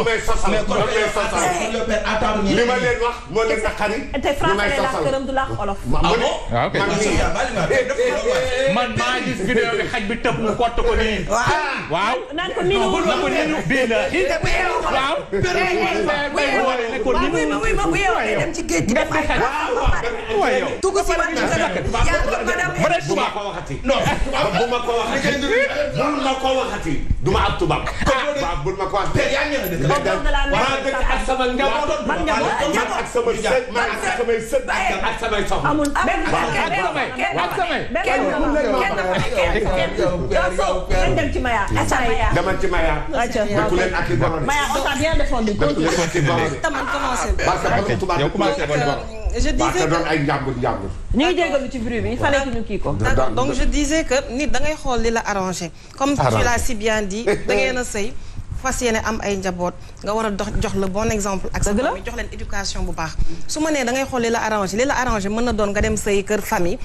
mu may sasal li ma leen wax moo leen a xari. te français la këram du la olof. man maa gis vidéo bi xaj bi tëb mu kott ko nii. waaw. naan ko ninu na ko ninu bii la. waaw. dem ci géej gi def ay tugg si waat ci kër yaa ko madame. non bu ma ko waxati. bul ma ko waxati. du ma ab tubaab. ah bul ma ko am. tey yaa ngi dëkk ak sama njaboot. man ak sama sët man ak samay sët ak samay soxna. amul benn benn ci Maya. Hmm. demal ci Maya. dëkku leen ak i Maya on t'a bien défendu. dëkku leen ak i Maya. parce que je disais que ay njàmbur njàmbur. ñu ngi jégalu ci bruit bi il fallait que ñu kii ko. donc je disais que nit da ngay xool li la arrangé. comme tu l'as si bien dit da ngeen a sëy fas yéene am ay njaboot nga war a dox jox la bon exemple ak sa famille jox leen éducation bu baax su ma nee da ngay xool li la arrangé li la arrangé mën na doon nga dem say kër famille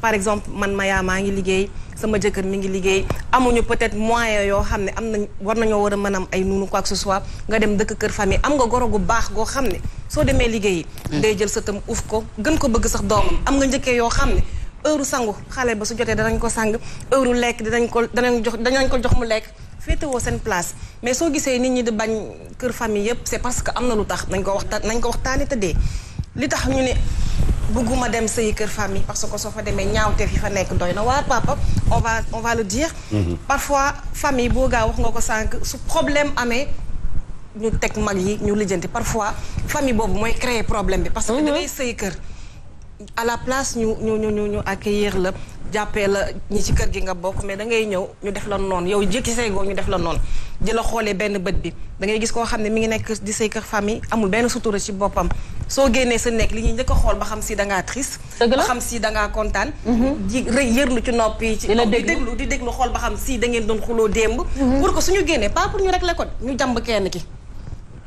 par exemple man ma Maya maa ngi liggéey sama jëkkër mi ngi liggéey amuñu peut-être moyen yoo xam ne am nañ war nañoo war a mën ay nunu quoi que ce soit nga dem dëkk kër famille am nga goro gu baax goo xam ne soo demee liggéeyi day jël sa tam uuf ko gën ko bëgg sax doomam am nga njëkkee yoo xam ne heure sangu xale ba su jotee danañ ko sang heure lekk danañ ko danañ jox danañ ko jox mu lekk féetewoo seen place mais soo gisee nit ñi di bañ kër famille yëpp c'est parce que am na lu tax nañ ko waxtaan nañ ko waxtaanee tëddee li tax ñu ne bëgguma dem sëyi kër famille parce que soo fa demee ñaawteef yi fa nekk doy na waa papa on va on va le dire. Mm-hmm. parfois famille boo gaa wax nga ko sànq su problème amee. ñu teg mag yi ñu lijjanti parfois famille boobu mooy créer problème bi. parce que mm-hmm. da ngay sëy kër. à la place ñu ñu ñu ñu accueillir la jàppee la ñi ci kër gi nga bokk mais da ngay ñëw ñu def la noon yow jékki say goo ñu def la noonu jëla la xoolee benn bët bi dangay gis koo xam ne mi ngi nekk di say kër famille amul benn sutura ci boppam soo génnee sa nekk li ñu njëkk xool ba xam si da ngaa triste ba xam si dangaa ngaa kontaan ji mhm. yërlu ci nopp yi ci di déglu di déglu xool ba xam si da ngeen doon xuloo démb mhm. pour que suñu génnee pas pour ñu régler ko ñu jàmb kenn ki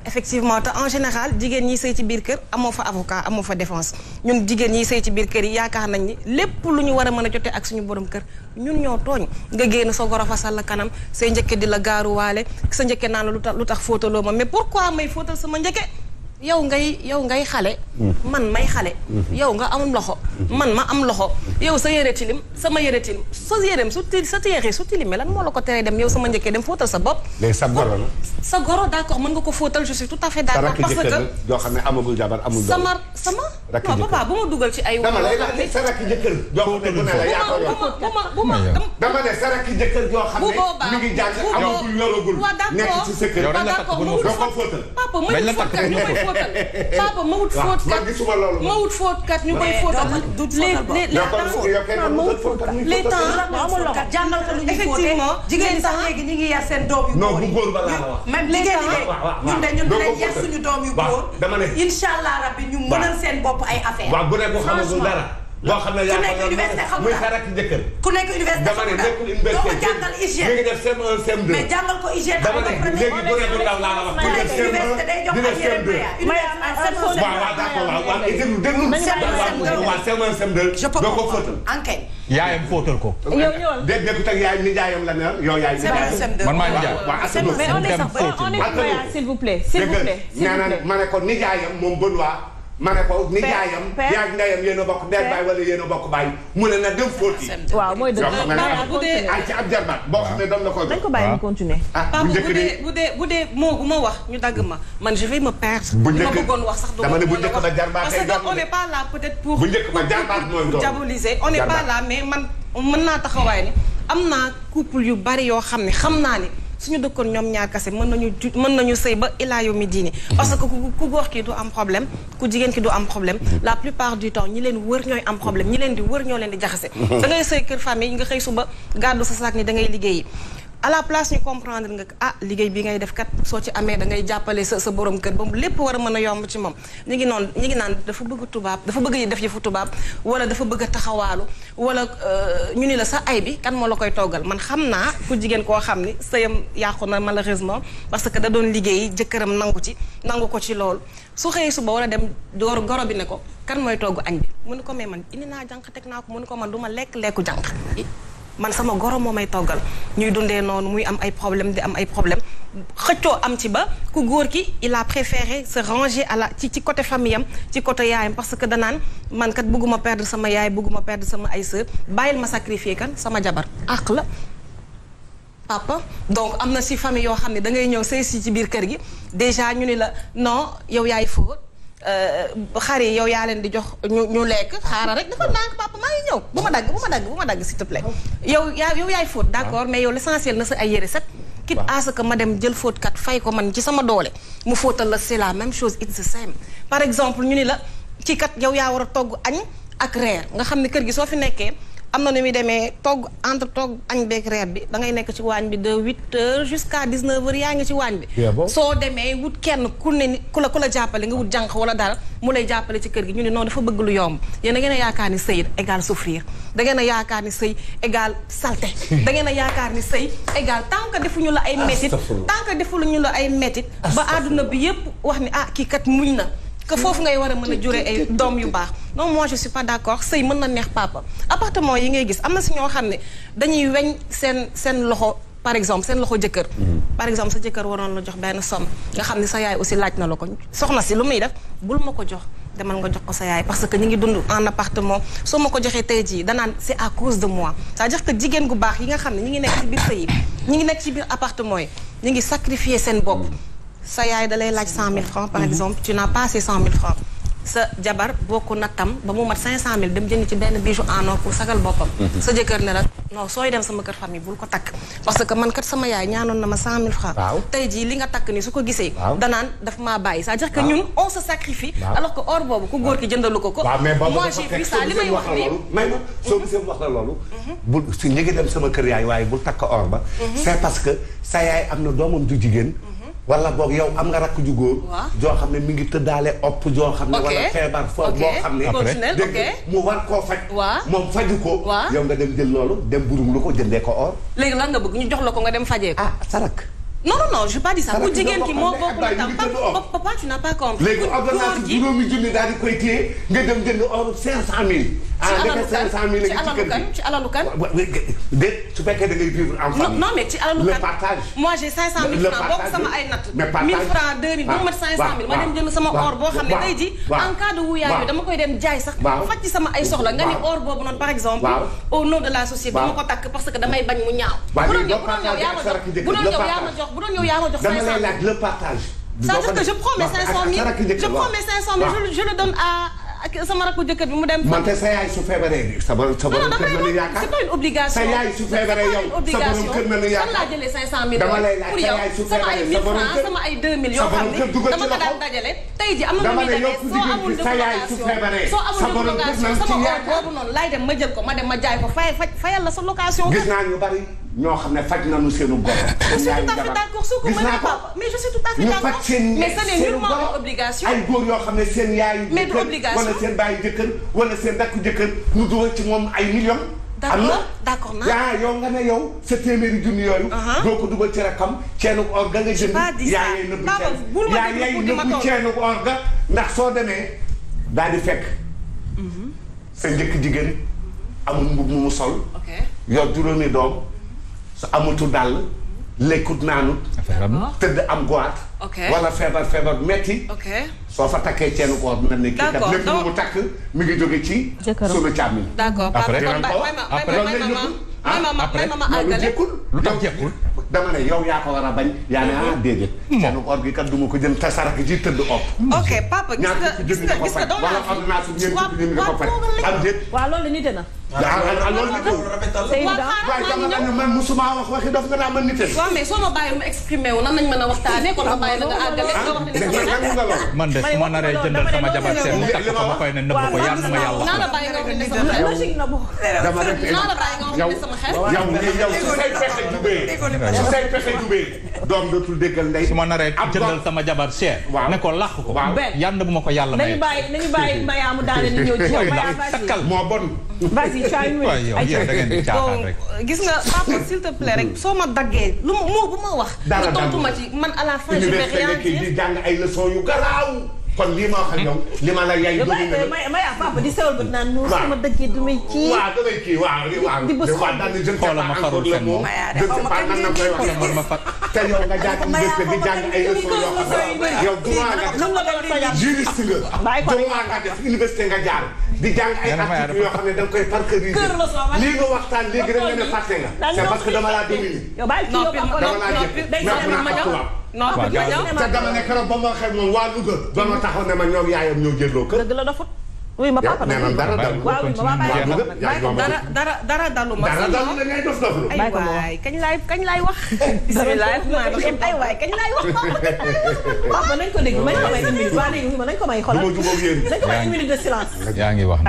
effectivement te en général jigéen ñi sëy ci biir kër amoo fa avocat amoo fa défense ñun jigéen ñi sëy ci biir kër yi yaakaar nañ ni lépp lu ñu war a mën a jotee ak suñu borom kër ñun ñoo tooñ nga génn sa goro fasal la kanam say njëkke di la gaaruwaale sa njëkke naan lu tax lu tax fóotaloo ma mais pourquoi may fóotal sama njëkke yow ngay yow ngay xale. Mm. man may xale. Mm-hmm. yow nga amum loxo. Mm-hmm. man ma am loxo. Mm-hmm. yaw sa yére tilim sama yére tilim sa yéreem su til sa téere su tilimee lan moo la ko teree dem yow sama njëkkee dem fóotal sa bopp. léegi sa goro la. sa goro d'accord mën nga ko fóotal je suis tout à fait d'accord. parce que sa rakk joo xam ne amagul jabar amul. sama sama. rakk jëkkër non papa bu ma dugal ci ay. dama ne sa rakk jëkkër. jox ko bu ma bu ma dama ne sa rakk jëkkër joo xam ne mi ngi jàng amagul yoragul. nekk ci sa kër d'accord papa ma wut fóotkat ñu koy fóotal. papa ma wut fóotkat ma wut fóotkat ñu koy fóotal. du les temps ah, jàngal ko lu ñuy fóotee effectivement jigéen sax léegi ñu ngi yar seen doom yu góor yi. non bu góor balaa la wax. même jigéen ñi de ñun dañu yar suñu doom yu góor. dama ne incha allah rabbi ñu mënal seen bopp bopp ay affaire waaw bu nekk xamagul dara boo xam ne yaa xam ne muy xarak jëkkër ku nekk université dama ne nekkul université doo ko jàngal hygiène mi ngi def CM1 CM2 mais jàngal ko hygiène dama ne léegi bu nekk ndaw laa la wax ku nekk CM1 dina CM2 waaw waaw d'accord waaw waaw déglu déglu waaw CM1 CM2 doo ko fóotal ankay yaayam fóotal ko yow ñool dégg dégg tak yaay ni jaayam la ne yow yaay man maa jaay waaw mais on est on est s'il vous plaît s'il vous plaît nee na ma ne ko ni jaayam moom Benoît ma ne ko nijaayam yaag ndeyam yéen a bokk ndey baay wala yéen a bokk baay mu ne na dem fóoti waaw mooy dëgg ay ci ab jarbaat boo xam ne doon la ko dañ ko bàyyi mu continuer ah bu njëkk bi bu dee bu dee moo bu ma wax ñu dagg ma man je vais me perdre bu njëkk ma bëggoon wax sax dama ne bu njëkk ba jarbaat parce que on n'est pas là peut-être pour bu njëkk ba jarbaat mooy doon diaboliser on n'est pas là mais man mën naa taxawaay ni am naa couple yu bari yoo xam ne xam naa ni suñu dëkkoon ñoom ñaar kase mën nañu ju mën nañu sëy ba ilaa yomi diini hmm. parce que ku góor ki du am problème ku jigéen ki du am problème hmm. la plupart du temps ñi leen wër ñooy am problème ñi leen di wër ñoo leen di jaxase hmm. da ngay sëy kër famille nga xëy suba gàddu sa saak ni da ngay liggéeyi à la place ñu comprendre nga ah liggéey bi ngay def kat soo ci amee da ngay jàppale sa sa boroom kër ba mu lépp war a mën a yomb ci moom ñu ngi noonu ñu ngi naan dafa bëgg tubaab dafa bëgg yi def yëfu tubaab wala dafa bëgg a taxawaalu wala euh, ñu ni la sa ay bi kan moo la koy toggal man xam naa ku jigéen koo xam ni sëyam yàqu na malheureusement parce que da doon liggéey jëkkëram nangu ci nangu ko ci loolu su xëyee suba war a dem goro goro bi ne ko kan mooy togg añ bi mënu ko may man indi naa jànq teg naa ko mënu ko man du lekk lekku jànq man sama goro moo may toggal ñuy dundee noonu muy am ay problème di am ay problème xëccoo am ci ba ku góor ki il a préféré sa ranger à ci ci côté famille am ci côté yaayam parce que danaan man kat bëgguma perdre sama yaay bëgguma perdre sama ay sœur bàyyil ma sacrifier kan sama jabar àq la papa donc am na si famille yoo xam ne da ngay ñëw sëy si ci biir kër gi déjà ñu ni la non yow yaay fóot Euh, xar yi yow yaa leen di jox ñu ñu lekk xaaral rek dafa ndànk papa maa ngi ñëw bu ma dagg bu ma dagg bu ma dagg si te plaît. yow yaa yow yaay fóot d'accord mais yow l'essentiel na sa ay yére set. quitte à ce ma dem jël fóotkat fay ko man ci sama doole mu fóotal la c'est la même chose it's the same par exemple ñu ni la ci kat yow yaa war a togg añ. ak reer nga xam ne kër gi soo fi nekkee am na nu muy demee togg entre togg añ beeg reer bi da ngay nekk ci waañ bi de huit heures jusqu'à dix-neuf yaa ngi ci waañ bi soo demee wut kenn ku ne ni ku la ku la jàppale nga wut jànq wala dara mu lay jàppale ci kër gi ñu ne noonu dafa bëgg lu yomb yéen da ngeen a yaakaar ni sëy égal souffrir da ngeen a yaakaar ni sëy égal salté da ngeen a yaakaar ni sëy égal tant que defuñu la ay métit tant que ñu la ay métit ba àdduna bi yépp wax ni ah kii kat muñ na que foofu ngay war a mën a jure ay doom yu baax non moi je suis pas d'accord sëy mën na neex papa appartement yi ngay gis am na si ñoo xam ne dañuy weñ seen seen loxo par exemple seen loxo jëkkër mhm. par exemple sa jëkkër waroon la jox benn somme nga xam ne sa yaay aussi laaj na la ko soxna si lu muy def bul ma ko jox demal nga jox ko sa yaay parce que ñu ngi dund en appartement soo ma ko joxee tey jii danaan c'est à cause de moi c'est-à-dire jigéen gu baax yi nga xam ne ñi ngi nekk ci biir sëy yi ngi nekk ci biir appartement yi ngi sacrifier seen bopp sa yaay da lay laaj cent mille francs par mhm. exemple tu n'as pas cent mille francs sa jabar boo ko nattam ba mu mat cinq cent mille dem jënd ci benn bijou en or pour sagal boppam mhm. sa jëkkër ne la non sooy ma cent mille francs tey jii li nga takk ni su ko gisee danaan daf maa bàyyi c'est-à-dire que ñun on se sacrifie alors que or mhm. wax la loolu bul su dem sama kër yaay waaye bul takk or ba c'est parce que sa yaay am na doomam du jigéen wala boog yow am nga rakk ju góor. joo xam ne mi ngi tëddaale opp joo xam ne. wala feebar fo boo xam ne. dégg mu war koo faj. waa moom faju ko. yow nga dem jël loolu dem burum lu ko jëndee ko or. léegi lan nga bëgg ñu jox la ko nga dem fajee ko. ah sarak. non non non je pas dit ça bu jigéen ki moo bokk na tam papa tu n'as pas compris. léegi ordonnance juróomi junni daal di koy téye nga dem jënd or 500000. Ah, ci alalu kan su fekkee da non mais ci alalu kan le partage. moi j'ai 500000 sama ay natt. mais partage 1000 francs 2000 ba mu sama or xam ne tey ji en cas de wuyaay bi koy dem jaay sax. faj ci sama ay soxla nga ni or boobu par exemple. au nom de la société dama ko takk parce que damay bañ mu bu doon yaa ma bu doon yaa ma jox. dama lay laaj partage. cest je prends mes 500000 je prends mes 500000 je le donne à ak sama rakku jëkkër bi mu dem. man te sa yaay su feebaree. sa sa borom kër lay ko dem ma jël ko ma dem ma jaay ko fay fayal la sa gis naa ñu bari ñoo xam ne faj nañu seenu goro. gis naa ko mais je suis tout à fait seen seenu goro ay góor yoo xam ne seen yaayu jëkkër wala seen baayu jëkkër wala seen dakku jëkkër ñu dugal ci moom ay millions. am na d'accord yaa yow nga ne yow sa téeméeri junni yooyu uh-huh. doo ko dugal ci rakkam ceenu or ga nga jënd yaa yey nëbbu ceen yaa ndax soo demee daal di fekk mm-hmm. sa njëkk jigéen amul mbub mu mu sol yor juróomi doom te amatu dàll lekkut naanut. tëdd am goiat. wala feebar feebar metti soo fa takkee ceenu koor dina ne. d' accord lépp lu mu takk mi ngi jóge ci. jëkkëram sunu càmmiñ. d' accord après may ma may ma lu tax jekkul dama yow yaa ko war a bañ. yaa ne ah déedéet. ceenu koor gi kat du ma ko jël tasarak ji tëdd papa gis nga gis nga gis nga doon ko jënd ko faj. wala ordonnance bi ngeen ko jënd ko am déet waaw loolu nit na. man musuma wax waxi dof nga naa mën nitel. waaw mais soo ma bàyyi ma exprimé wu nan nañ mën a waxtaanee kon ma bàyyi la nga àggale nga wax ne man de su ma naree jëndal sama jabar seen mu takk ko ma koy ne nëbb ko yàlla na ma yàlla. naa la bàyyi nga wax ne sama xel. naa la bàyyi nga wax ne sama xel. yow yow su say pexe jubee su say pexe jubee doom dootul déggal ndey. su ma naree jëndal sama jabar cher. waaw ne ko làq ko. waaw yànd bu ma ko yàlla maye. nañu bàyyi nañu bàyyi Maya mu daane li ñëw ci yow. Maya takkal moo bon. vas-y gis nga papa s'il te plaît rek soo ma daggee lu ma moo bu ma wax. dara dara nga tontu ma ci man à la fin je vais rien dire. ay leçons yu garaaw kon lii ma wax ak yow. li ma la yaay déglu ne may may papa di sewal ba naan. waaw sama dëkkee du may kii. waaw damay kii waaw waaw. di bës xool xoolal ma farul fenn moom. te yow nga jàng université di jàng ay leçon yoo xam ne yow droit nga juriste nga droit nga def université nga jaar di jàng ay article yoo xam ne da nga koy parcourir lii nga waxtaan léegi da nga ne fàtte nga c'est parce que dama laa dominer dama laa jëf non waaw ca dama ne keroog ba ma waxee moom waa Louga. ba ma taxaw ne ma ñoom yaayam ñoo loo kër. dëgg la dafut. oui ma papa na ma dara dalu waaw ma dara dara dara dalu ma. dara dalu da ngay dof dof lu. ay waay kañ laay kañ laay wax. bismillah ay waay kañ laay wax. papa nañ ko dégg may ko may une minute waaw léegi nañ ko may xoolal. nañ ko may une minute de silence. yaa ngi wax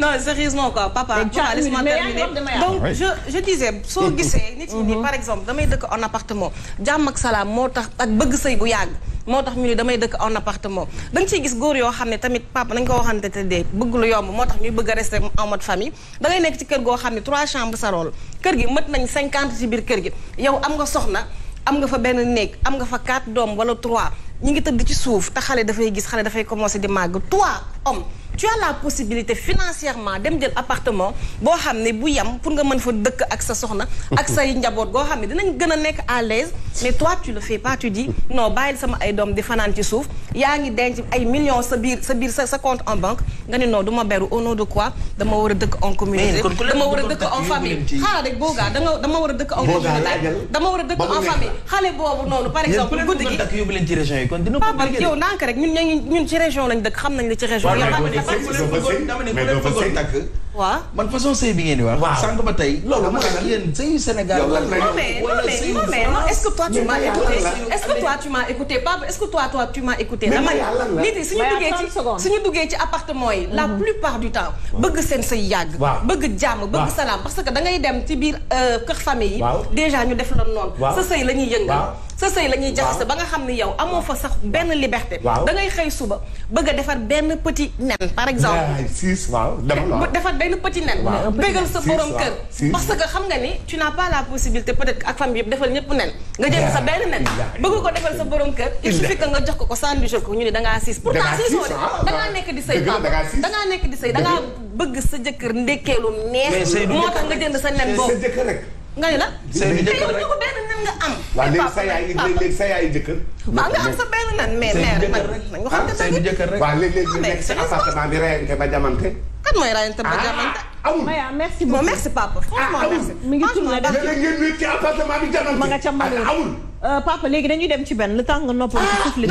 non sérieusement quoi papa. laisse-moi terminer donc je je disais soo gisee. nit ñi par exemple damay dëkk en appartement. jàmm ak salaam moo tax ak bëgg sëy bu yàgg. moo tax ñu ne damay dëkk en appartement da nga ciy gis góor yoo xam ne tamit papa nañ ko waxante te dee bëgg lu yomb moo tax ñuy bëgg a resté en mode famille da nekk ci kër goo xam ne trois chambres sa rôle kër gi mët nañ cinquante ci biir kër gi yow am nga soxna am nga fa benn néeg am nga fa quatre doom wala trois ñu ngi tëdd ci suuf te xale dafay gis xale dafay commencé di màgg toi homme tu as la possibilité financièrement dem jël appartement boo xam ne bu yam pour nga mën fa dëkk ak sa soxna. ak say njaboot goo xam ne dinañ gën a nekk à l'aise mais toi tu le fais pas tu dis ay doom di fanaan ci suuf yaa ngi denc ay millions sa biir sa biir a a dëkk en famille xaaral danga war a dëkk en a dëkk en famille xale boobu noonu par exemple guddi gi yéen ku leen a dëkk yóbbu leen yi ko yow nank rek ñun ñun ci région lañ dëkk xam nañ la ci région dama ne ku leen bëggoon takk waaw man façon sëy bi ngeen di wax. waaw sànq ba tey. loolu mooy lan yéen sëyu Sénégal. wala mais non mais non mais non est-ce duggee ci appartement yi. la mhm. plupart du temps bëgg seen sëy yàgg. bëgg jàmm bëgg salaam parce que da ngay dem ci biir euh, kër famille yi. déjà ñu def la noonu. sa sëy la ñuy yëngal. sa sëy la ñuy jaxase ba nga xam ne yow amoo fa sax benn liberté da ngay xëy suba bëgg defar benn petit nen par exemple defar benn benn petit nen bégal sa borom kër parce que xam nga ni tu n'as pas la possibilité peut-être ak famille yëpp defal ñëpp nen nga jël sa benn nen bëgg ko defal sa borom kër il suffit que nga jox ko ko sandwichal ko ñu ne da ngaa siis pourtant siisoo de da ngaa nekk di sëy papa da ngaa nekk di sëy da ngaa bëgg sa jëkkër ndekkeelu neex moo tax nga jënd sa nen boobu nga ne la. sëy bi jëkkër rek ko benn nan nga am. waaw léegi sa yaay léegi sa yaay jëkkër. waaw nga am sa benn nan mais mais man man nga xam ne. Ah, sëy bi jëkkër rek waaw léegi léegi ah, nekk sa appartement bi reyante ba jamante. kan mooy raayante ba jàmmante. Ah, amul Maya merci beaucoup merci papa. ah amul mi ngi tourné daal ngeen wéet ci appartement bi jàmmante. ma nga ca Mbalou ah, amul. Euh, papa léegi dañuy dem ci benn le temps nga noppal ah, souffle.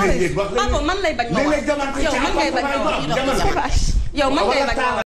papa man lay bañ ma wax yow man ngay bañ ma wax yow man ngay bañ ma wax